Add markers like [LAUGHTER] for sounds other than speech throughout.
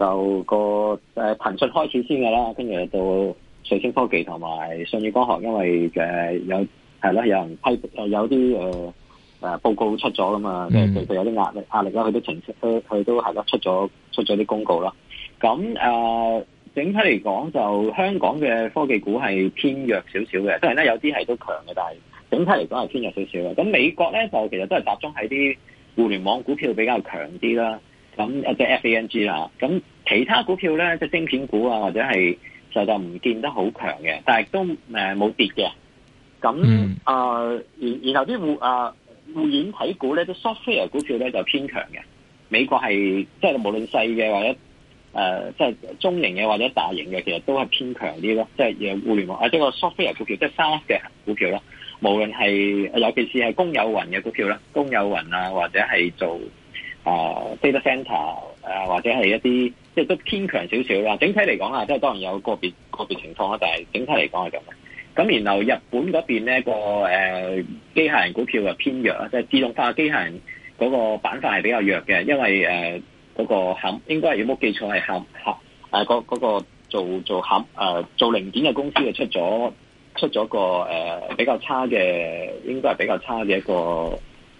就個誒騰訊開始先嘅啦，跟住到瑞聲科技同埋舜宇光學，因為誒、呃、有係啦，有人批誒、呃、有啲誒誒報告出咗啦嘛，即係佢有啲壓力壓力啦，佢都澄清，佢佢都係啦出咗出咗啲公告啦。咁誒、呃、整體嚟講，就香港嘅科技股係偏弱少少嘅，雖然咧有啲係都強嘅，但係整體嚟講係偏弱少少嘅。咁美國咧就其實都係集中喺啲互聯網股票比較強啲啦。咁即係 FANG 啦，咁其他股票咧，即、就、係、是、晶片股啊，或者係就就唔見得好強嘅，但係都冇、呃、跌嘅。咁誒、mm. 呃，然然後啲互誒、呃、互聯體股咧，都、就是、software 股票咧就偏強嘅。美國係即係無論細嘅或者誒，即、呃、係、就是、中型嘅或者大型嘅，其實都係偏強啲咯。即係誒互聯網啊，即係個 software 股票，即係三一嘅股票啦。無論係尤其是係公有雲嘅股票啦，公有雲啊或者係做。啊、uh，data center，誒、uh, 或者係一啲，即係都偏強少少啦。整體嚟講啊，即係當然有個別個別情況啦，但係整體嚟講係咁。咁然後日本嗰邊呢、那個誒、呃、機械人股票就偏弱啦，即、就、係、是、自動化機械人嗰個板塊係比較弱嘅，因為誒嗰、呃那個冚應該係有冇記錯係冚冚誒嗰嗰個做做冚誒、呃、做零件嘅公司就出咗出咗個誒、呃、比較差嘅，應該係比較差嘅一個誒。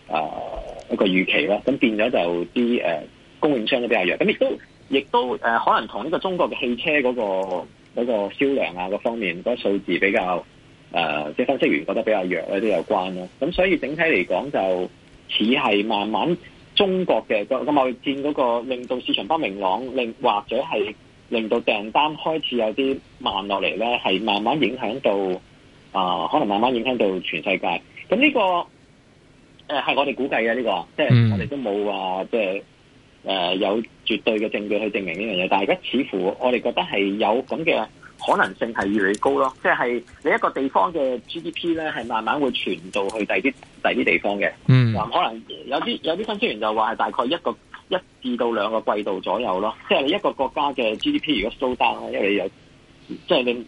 呃一、那個預期啦，咁變咗就啲誒、呃、供應商都比較弱，咁亦都亦都誒、呃、可能同呢個中國嘅汽車嗰、那個嗰、那個、銷量啊、那個方面嗰、那個數字比較誒，即、呃、係分析員覺得比較弱咧都有關咯。咁所以整體嚟講就似係慢慢中國嘅嗰個貿易戰嗰個令到市場不明朗，令或者係令到訂單開始有啲慢落嚟咧，係慢慢影響到啊、呃，可能慢慢影響到全世界。咁呢、這個。誒，係我哋估計嘅呢個，即係我哋都冇話，即係誒有、呃、有絕對嘅證據去證明呢樣嘢。但係而家似乎我哋覺得係有咁嘅可能性，係越嚟越高咯。即係你一個地方嘅 GDP 咧，係慢慢會傳到去第啲第啲地方嘅。嗯，可能有啲有啲分析員就話係大概一個一至到兩個季度左右咯。即係你一個國家嘅 GDP 如果 slow down 啦，因為你有即係你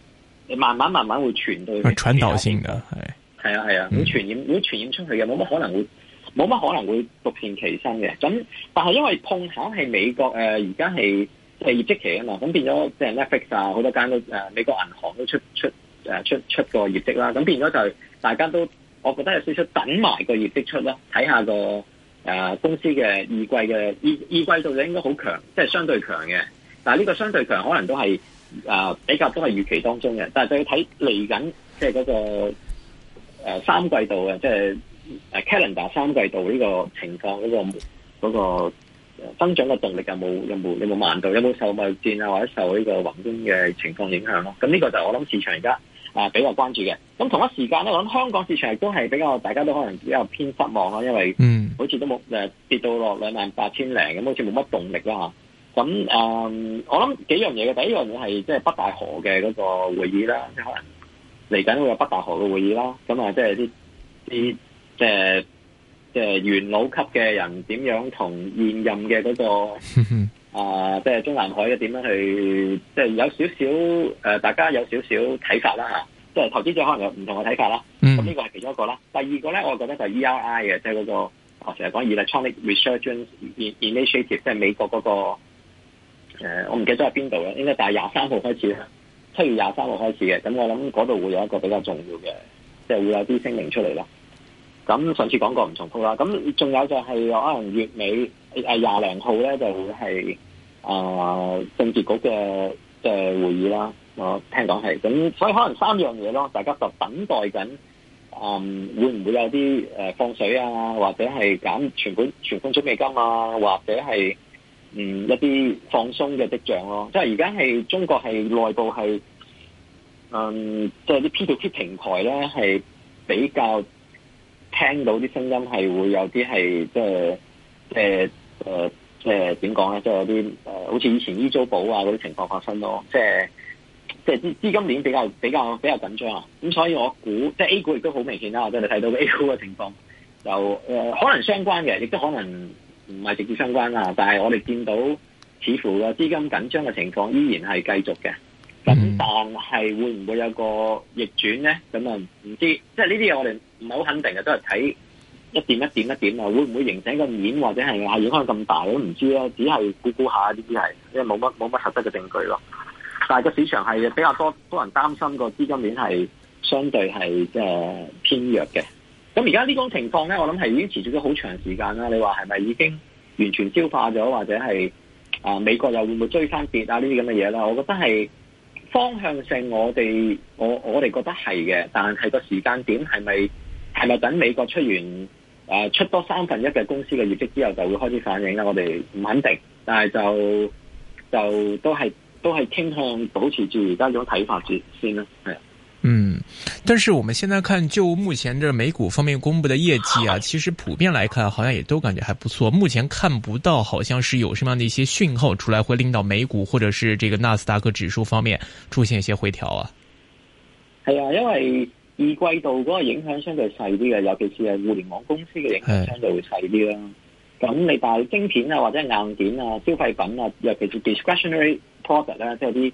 你慢慢慢慢會傳導。係傳導性嘅，係。係啊，會傳染，如果傳染出去嘅，冇乜可能會冇乜可能會獨善其身嘅。咁但係因為碰巧係美國誒，而家係誒業績期啊嘛，咁變咗即係 Netflix 啊，好多間都誒美國銀行都出出誒出出個業績啦。咁變咗就係大家都我覺得係需要等埋個業績出啦，睇下個誒公司嘅二季嘅二二季度就應該好強，即係相對強嘅。但係呢個相對強可能都係誒、呃、比較都係預期當中嘅，但係就要睇嚟緊即係嗰個。誒、呃、三季度嘅，即係誒 calendar 三季度呢個情況，嗰、這個嗰、這個那個呃、增長嘅動力有冇有冇有冇慢到，有冇受貿易戰啊或者受這個的呢個宏觀嘅情況影響咯？咁呢個就是、我諗市場而家啊比較關注嘅。咁同一時間咧，我諗香港市場亦都係比較大家都可能比較偏失望咯，因為嗯好似都冇誒、mm. 呃、跌到落兩萬八千零咁，那好似冇乜動力啦嚇。咁誒、呃、我諗幾樣嘢嘅，第一樣嘢係即係北戴河嘅嗰個會議啦，即可能。嚟緊會有北大河嘅會議啦，咁啊，即係啲啲即係即係元老級嘅人，點樣同現任嘅嗰、那個啊，即 [LAUGHS] 係、呃就是、中南海嘅點樣去，即、就、係、是、有少少誒、呃，大家有少少睇法，啦吓，即係投資者可能有唔同嘅睇法啦。咁、嗯、呢個係其中一個啦。第二個咧，我覺得就係 ERI 嘅，即係嗰個我成日講 Electronic Research Initiative，即係美國嗰、那個誒、呃，我唔記得咗係邊度啦，應該大概廿三號開始。七月廿三號開始嘅，咁我諗嗰度會有一個比較重要嘅，即係會有啲聲明出嚟咯。咁上次講過唔重複啦。咁仲有就係可能月尾誒廿零號咧，就會係誒政治局嘅誒會議啦。我聽講係。咁所以可能三樣嘢咯，大家就等待緊，嗯，會唔會有啲誒放水啊，或者係減存款存款準備金啊，或者係。嗯，一啲放鬆嘅跡象咯，即係而家係中國係內部係，嗯，即、就、係、是、啲 P2P 平台咧係比較聽到啲聲音係會有啲係即係，誒、就是，誒、呃，點講咧，即、呃、係、呃就是、有啲、呃、好似以前 E 租寶啊嗰啲情況發生咯，即係即係資金鏈比較比較比較緊張啊，咁所以我估即係、就是、A 股亦都好明顯啦，我真係睇到 A 股嘅情況就、呃、可能相關嘅，亦都可能。唔係直接相關啦，但係我哋見到似乎個資金緊張嘅情況依然係繼續嘅。咁、嗯、但係會唔會有個逆轉咧？咁啊唔知，即係呢啲嘢我哋唔係好肯定嘅，都係睇一點一點一點啊，會唔會形成個面或者係壓影開咁大我都唔知咧，只係估估下呢啲係，因為冇乜冇乜實質嘅證據咯。但係個市場係比較多多人擔心個資金面係相對係即係偏弱嘅。咁而家呢種情況咧，我諗係已經持續咗好長時間啦。你話係咪已經完全消化咗，或者係啊、呃、美國又會唔會追翻跌啊？呢啲咁嘅嘢啦，我覺得係方向性我，我哋我我哋覺得係嘅，但係個時間點係咪係咪等美國出完、呃、出多三分一嘅公司嘅業績之後就會開始反映咧？我哋唔肯定，但係就就都係都係傾向保持住而家呢種睇法先先啦，係。嗯，但是我們現在看，就目前這美股方面公布的業績啊，其實普遍來看，好像也都感覺還不錯。目前看不到，好像是有什麼樣的一些訊號出來，會令到美股或者是這個納斯達克指數方面出現一些回調啊。係啊，因為二季度嗰個影響相對細啲嘅，尤其是係互聯網公司嘅影響相對會細啲啦。咁你但係晶片啊，或者硬件啊，消費品啊，尤其是 discretionary product 啊，即係啲。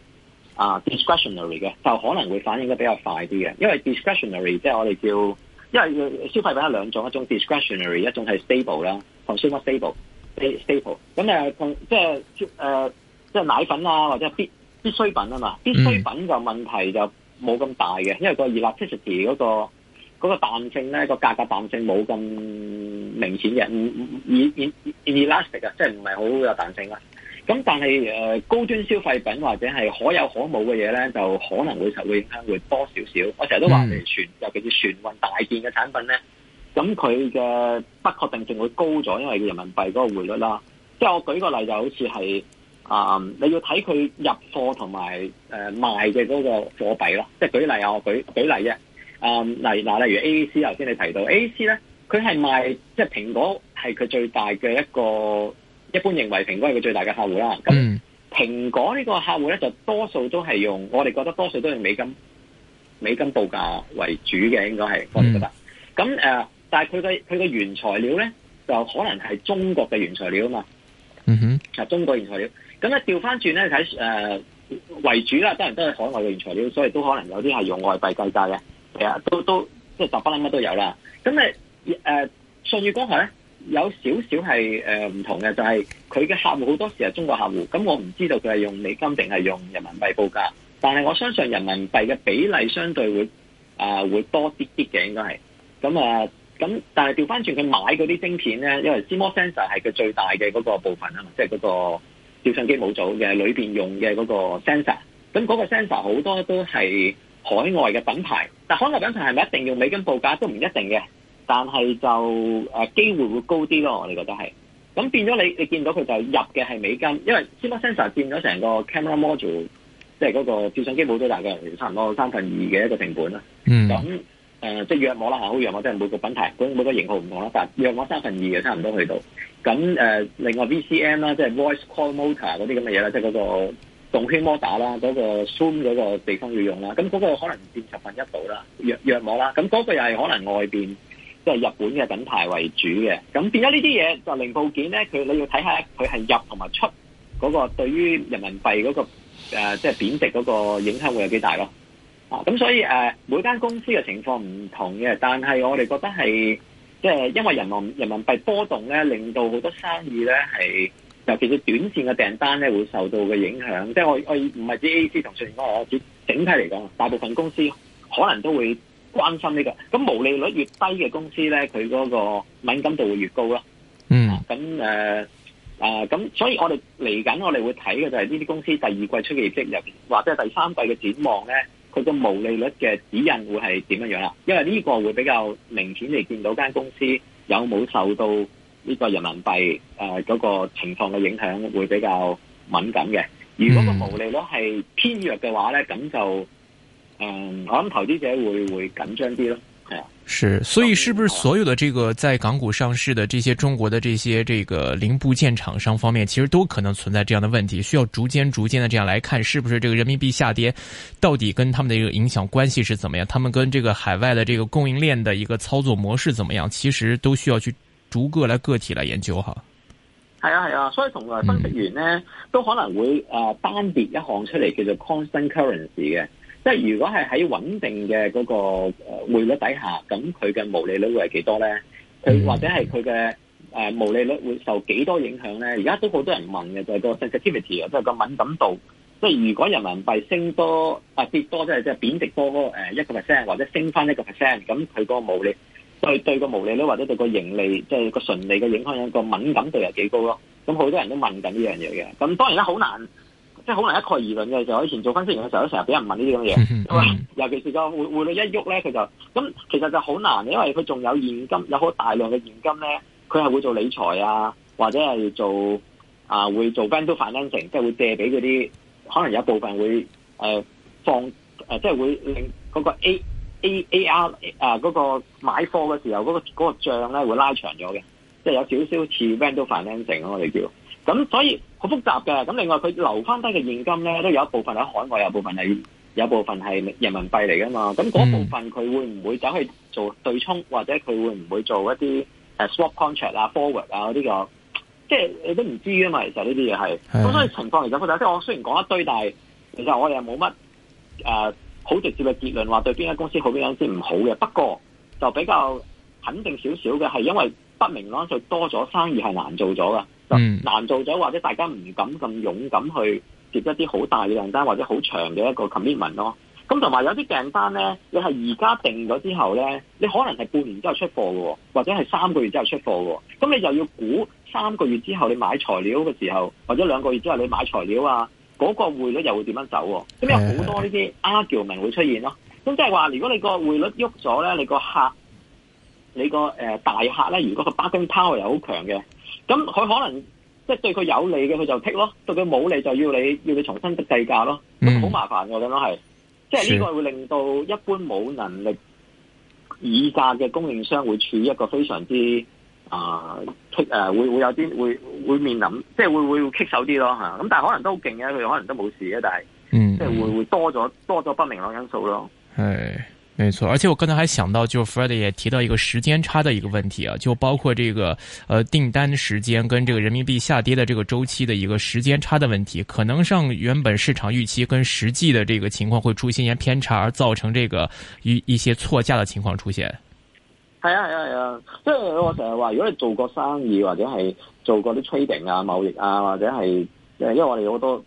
啊、uh,，discretionary 嘅就可能會反應得比較快啲嘅，因為 discretionary 即係我哋叫，因為消費品有兩種，一種 discretionary，一種係 stable 啦、mm.，同 consumer stable，stable。咁誒同即係誒即係奶粉啊或者必必需品啊嘛，必需品就問題就冇咁大嘅，因為個 elasticity 嗰、那個嗰、那個彈性咧、那個價格彈性冇咁明顯嘅，唔唔，e elastic 啊，即係唔係好有彈性啦。咁、嗯、但係誒、呃、高端消費品或者係可有可冇嘅嘢咧，就可能會受影響會多少少。我成日都話，譬如船，尤其是船運大件嘅產品咧，咁佢嘅不確定性會高咗，因為人民幣嗰個匯率啦。即係我舉個例就好似係啊，你要睇佢入貨同埋誒賣嘅嗰個貨幣啦。即係舉例啊，我舉舉例啫。啊、嗯，例嗱，例如 AAC 頭先你提到 AAC 咧，佢係賣即係、就是、蘋果係佢最大嘅一個。一般認為蘋果係佢最大嘅客戶啦。咁蘋果呢個客戶咧，就多數都係用、嗯、我哋覺得多數都係用美金、美金報價為主嘅，應該係我哋覺得。咁、嗯、誒、呃，但係佢嘅佢嘅原材料咧，就可能係中國嘅原材料啊嘛。嗯哼，中國原材料。咁咧調翻轉咧睇誒為主啦，當然都係海外嘅原材料，所以都可能有啲係用外幣計價嘅。其實，都都都十不乜都有啦。咁誒誒舜宇光學咧。有少少係誒唔同嘅，就係佢嘅客戶好多時係中國客戶，咁我唔知道佢係用美金定係用人民幣報價，但係我相信人民幣嘅比例相對會啊、呃、會多啲啲嘅應該係，咁啊咁但係調翻轉佢買嗰啲晶片咧，因為 CMOS sensor 係佢最大嘅嗰個部分啊嘛，即係嗰個照相機模組嘅裏邊用嘅嗰個 sensor，咁嗰個 sensor 好多都係海外嘅品牌，但海外品牌係咪一定用美金報價都唔一定嘅。但係就誒、啊、機會會高啲咯，我哋覺得係。咁變咗你，你見到佢就入嘅係美金，因為 Smart Sensor 變咗成個 camera module，即係嗰個照相機模組大概，差唔多三分二嘅一個成本、嗯呃、啦。咁即係弱我啦，好約我，即係每個品牌每個個型號唔同啦，但弱我三分二嘅差唔多去到。咁、嗯呃、另外 VCM 啦，即係 voice coil motor 嗰啲咁嘅嘢啦，即係嗰個動圈摩打啦，嗰、那個 zoom 嗰個地方要用啦，咁、那、嗰個可能變十分一度啦，約我網啦。咁、那、嗰個又係可能外邊。就係日本嘅品牌為主嘅，咁變咗呢啲嘢就零部件咧，佢你要睇下佢係入同埋出嗰、嗰個對於人民幣嗰、嗰個即係、呃即係、貶值嗰個影響會有幾大咯？啊，咁所以誒、呃、每間公司嘅情況唔同嘅，但係我哋覺得係即係因為人民人民幣波動咧，令到好多生意咧係尤其是短線嘅訂單咧會受到嘅影響，即係我我唔係指 A C 同船哥，我指整體嚟講，大部分公司可能都會。關心呢、這個咁，毛利率越低嘅公司咧，佢嗰個敏感度會越高啦。嗯，咁誒啊，咁、呃呃、所以我哋嚟緊我哋會睇嘅就係呢啲公司第二季出嘅業績入，或者係第三季嘅展望咧，佢個毛利率嘅指引會係點樣樣啊？因為呢個會比較明顯地見到間公司有冇受到呢個人民幣誒嗰個情況嘅影響，會比較敏感嘅。如果個毛利率係偏弱嘅話咧，咁就。嗯，我諗投資者會會緊張啲咯，係啊，是，所以是不是所有的這個在港股上市的這些中國的這些這個零部件廠商方面，其實都可能存在這樣的問題，需要逐漸逐漸的這樣來看，是不是這個人民幣下跌，到底跟他們的一個影響關係是怎麼樣？他們跟這個海外的這個供應鏈的一個操作模式怎麼樣？其實都需要去逐個來個體來研究哈。係啊係啊，所以同埋分析員咧、嗯、都可能會誒、呃、單別一項出嚟叫做 constant currency 嘅。即係如果係喺穩定嘅嗰個匯率底下，咁佢嘅毛利率會係幾多咧？佢或者係佢嘅誒毛利率會受幾多影響咧？而家都好多人問嘅就係、是、個 sensitivity 啊，即係個敏感度。即係如果人民幣升多啊跌多，即係即係貶值多誒一個 percent，或者升翻一個 percent，咁佢嗰個毛利，對對個毛利率或者對個盈利，即、就、係、是、個純利嘅影響，那個敏感度又幾高咯？咁好多人都問緊呢樣嘢嘅。咁當然啦，好難。即係可能一概而論嘅，就我以前做分析員嘅時候，都成日俾人問呢啲咁嘅嘢，因尤其是個匯匯率一喐咧，佢就咁，其實就好難，因為佢仲有現金，有好大量嘅現金咧，佢係會做理財啊，或者係做啊、呃、會做 vendor financing，即係會借俾嗰啲，可能有一部分會誒、呃、放誒、呃，即係會令嗰個 A A A R 啊、呃嗰個買貨嘅時候嗰、嗰個嗰、嗰個賬咧會拉長咗嘅，即係有少少似 vendor financing 咁我哋叫，咁所以。好複雜嘅，咁另外佢留翻低嘅現金咧，都有一部分喺海外，有一部分係有部分係人民幣嚟噶嘛。咁嗰部分佢會唔會走去做對沖、嗯，或者佢會唔會做一啲、uh, swap contract 啊、forward 啊呢個？即係你都唔知㗎嘛。其實呢啲嘢係咁，所以情況嚟講複即係我雖然講一堆，但係其實我哋又冇乜誒好直接嘅結論，話對邊間公司好，邊間公司唔好嘅。不過就比較肯定少少嘅，係因為不明朗所以多咗生意，係難做咗嘅。就難做咗，或者大家唔敢咁勇敢去接一啲好大嘅訂單，或者好長嘅一個 commitment 咯。咁同埋有啲訂單咧，你係而家定咗之後咧，你可能係半年之後出貨嘅，或者係三個月之後出貨喎。咁你又要估三個月之後你買材料嘅時候，或者兩個月之後你買材料啊，嗰個匯率又會點樣走？咁有好多呢啲 argument 會出現咯。咁即係話，如果你個匯率喐咗咧，你個客，你個、呃、大客咧，如果個北京 power 又好強嘅。咁佢可能即係對佢有利嘅，佢就剔咯；對佢冇利，就要你要你重新計價咯。咁好麻煩嘅咁樣係，即係呢個會令到一般冇能力議價嘅供應商會處於一個非常之啊棘誒，會會有啲會會面臨，即係會會會棘手啲咯吓。咁但係可能都好勁嘅，佢可能都冇事嘅，但係、嗯、即係會會多咗多咗不明朗因素咯。係。沒錯，而且我剛才還想到，就 Fred 也提到一個時間差的一個問題啊，就包括這個呃訂單時間跟這個人民幣下跌的這個周期的一個時間差的問題，可能上原本市場預期跟實際的這個情況會出現一些偏差，而造成這個一一些錯價的情況出現。係啊係啊係啊，即係、啊啊啊、我成日話，如果你做過生意或者係做過啲 trading 啊貿易啊，或者係即因為我哋有好多誒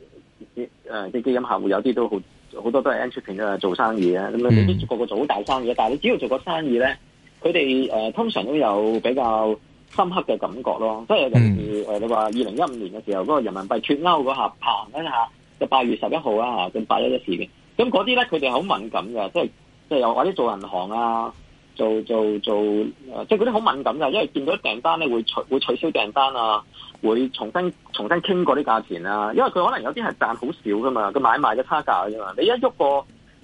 啲、呃、基金客戶有啲都好。好多都係 entrepreneur 啊，做生意啊，咁、嗯、啊，你未必個個做好大生意，但係你只要做個生意咧，佢哋誒通常都有比較深刻嘅感覺咯。即係例如誒，你話二零一五年嘅時候嗰、那個人民幣脫歐嗰下，行一下就八月十一號啊吓，正八一一事嘅咁嗰啲咧，佢哋好敏感嘅，即係即係又或者做銀行啊，做做做誒，即係嗰啲好敏感噶，因為見到訂單咧會，會取會取消訂單啊。會重新重新傾過啲價錢啦、啊，因為佢可能有啲係賺好少噶嘛，佢買賣嘅差價噶嘛。你一喐個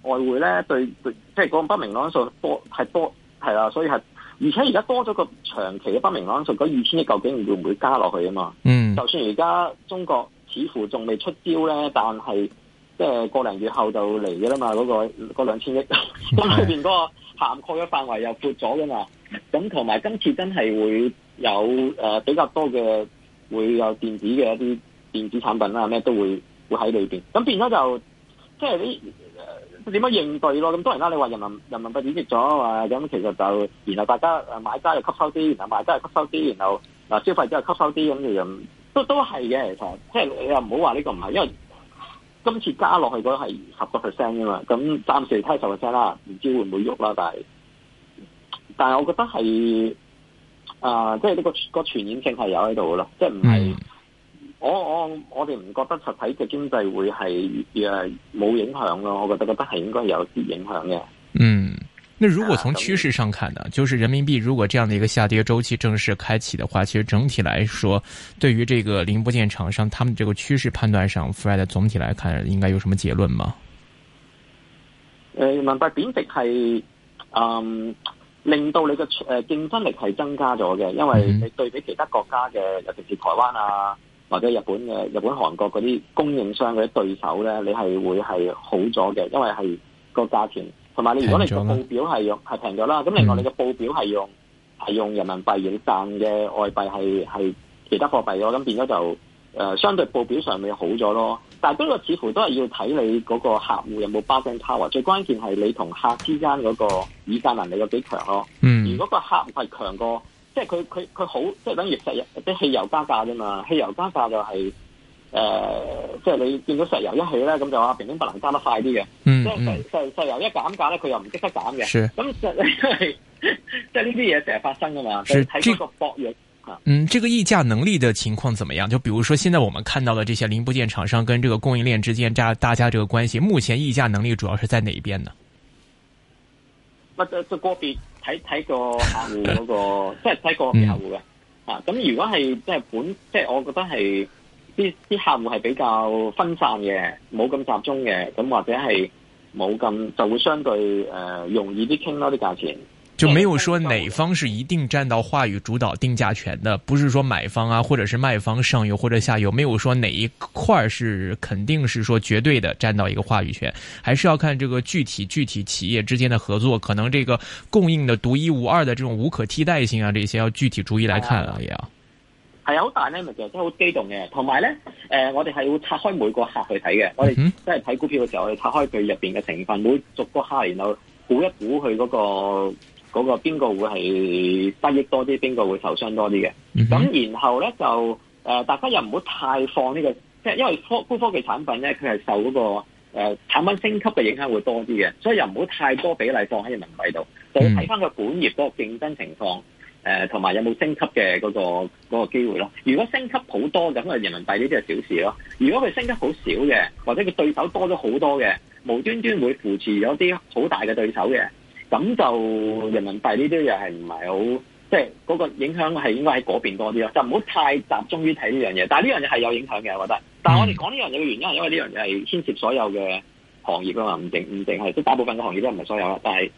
外匯咧，對，對即係嗰不明朗數多係多係啦，所以係而且而家多咗個長期嘅不明朗數，嗰二千億究竟會唔會加落去啊嘛？嗯，就算而家中國似乎仲未出招咧，但係即係個零月後就嚟嘅啦嘛，嗰、那個嗰兩千億，咁 [LAUGHS] 裏邊嗰個涵蓋嘅範圍又闊咗噶嘛，咁同埋今次真係會有誒、呃、比較多嘅。會有電子嘅一啲電子產品啦，咩都會會喺裏邊。咁變咗就即係你點樣應對咯？咁當然啦，你話人民人民幣貶值咗啊，咁、嗯、其實就然後大家誒買家又吸收啲，然後買家又吸收啲，然後嗱消費者又吸收啲，咁樣又、嗯、都都係嘅。其實即係你又唔好話呢個唔係，因為今次加落去嗰係十個 percent 啊嘛，咁、嗯、暫時睇十 percent 啦，唔知會唔會喐啦。但係但係我覺得係。啊、呃，即係呢、那個個傳染性係有喺度嘅啦，即係唔係我我我哋唔覺得實體嘅經濟會係誒冇影響咯，我覺得覺得係應該有啲影響嘅。嗯，那如果從趨勢上看呢、啊，就是人民幣如果這樣的一個下跌周期正式開啟的話，其實整體來說，對於這個零部件廠商，他們這個趨勢判斷上，Fred 總體來看，應該有什麼結論嗎？誒、呃，人民幣貶值係，嗯、呃。令到你嘅誒、呃、競爭力係增加咗嘅，因為你對比其他國家嘅，尤其是台灣啊，或者日本嘅、日本、韓國嗰啲供應商嗰啲對手咧，你係會係好咗嘅，因為係個價錢，同埋你如果你個報表係用係平咗啦，咁另外你嘅報表係用係用人民幣影賺嘅外幣係係其他貨幣咯，咁變咗就誒、呃、相對報表上面好咗咯。但係嗰個似乎都係要睇你嗰個客戶有冇 buying power，最關鍵係你同客之間嗰個議價能力有幾強咯。嗯，如果個客係強過，即係佢佢佢好，即係等於石油，即係汽油加價啫嘛。汽油加價就係誒，即係你見到石油一起咧，咁就話平平不能加得快啲嘅。即係油石油一減價咧，佢又唔即刻減嘅。是。咁實係即係呢啲嘢成日發生噶嘛？係睇個博弈。嗯，這個議價能力的情況怎麼樣？就比如說，現在我們看到的這些零部件廠商跟這個供應鏈之間，大家這個關係，目前議價能力主要是在哪一邊呢？不、啊、就，就，就個別睇睇個客戶、嗰個， [LAUGHS] 即係睇個別客戶嘅、嗯、啊。咁如果係即係本，即、就、係、是、我覺得係啲啲客戶係比較分散嘅，冇咁集中嘅，咁或者係冇咁就會相對誒、呃、容易啲傾咯啲價錢。就沒有說哪方是一定佔到話語主導定價權的，不是說買方啊，或者是賣方上游或者下游，沒有說哪一塊是肯定是說絕對的佔到一個話語權，還是要看這個具體具體企業之間的合作，可能這個供應的獨一無二的這種無可替代性啊，這些要具體逐一來看啊，也、嗯、要。係、嗯、啊，好大呢，市場真係好機動嘅。同埋呢誒，我哋係會拆開每個客去睇嘅，我哋即係睇股票嘅時候，我哋拆開佢入邊嘅成分，每逐個客，然後估一估佢嗰個。嗰、那個邊個會係得益多啲，邊個會受傷多啲嘅？咁、mm-hmm. 然後咧就誒、呃，大家又唔好太放呢、這個，即因為科、高科技產品咧，佢係受嗰、那個誒、呃、產品升級嘅影響會多啲嘅，所以又唔好太多比例放喺人民幣度。Mm-hmm. 就睇翻佢本業嗰個競爭情況，誒同埋有冇升級嘅嗰、那個嗰、那個機會咯。如果升級好多咁啊，人民幣呢啲係小事咯。如果佢升級好少嘅，或者佢對手多咗好多嘅，無端端會扶持有啲好大嘅對手嘅。咁就人民幣呢啲嘢係唔係好，即係嗰個影響係應該喺嗰邊多啲咯，就唔好太集中於睇呢樣嘢。但係呢樣嘢係有影響嘅，我覺得。但係我哋講呢樣嘢嘅原因係因為呢樣嘢係牽涉所有嘅行業啊嘛，唔定唔定係即係大部分嘅行業都唔係所有啦，但係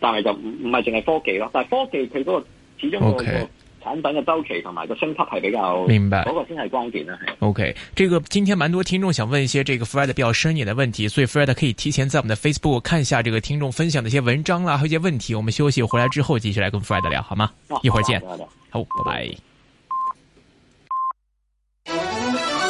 但係就唔唔係淨係科技咯。但係科技佢嗰個始終、okay.。產品嘅周期同埋個升級係比較，明白嗰、那個先係關鍵、啊、OK，這個今天蠻多聽眾想問一些這個 Fred 比較深嘅問題，所以 Fred 可以提前在我們的 Facebook 看一下這個聽眾分享嘅一些文章啦，還有一些問題。我們休息回來之後繼續來跟 Fred 聊，好嗎？啊、一會兒見、啊，拜拜拜拜，好，拜拜。拜拜。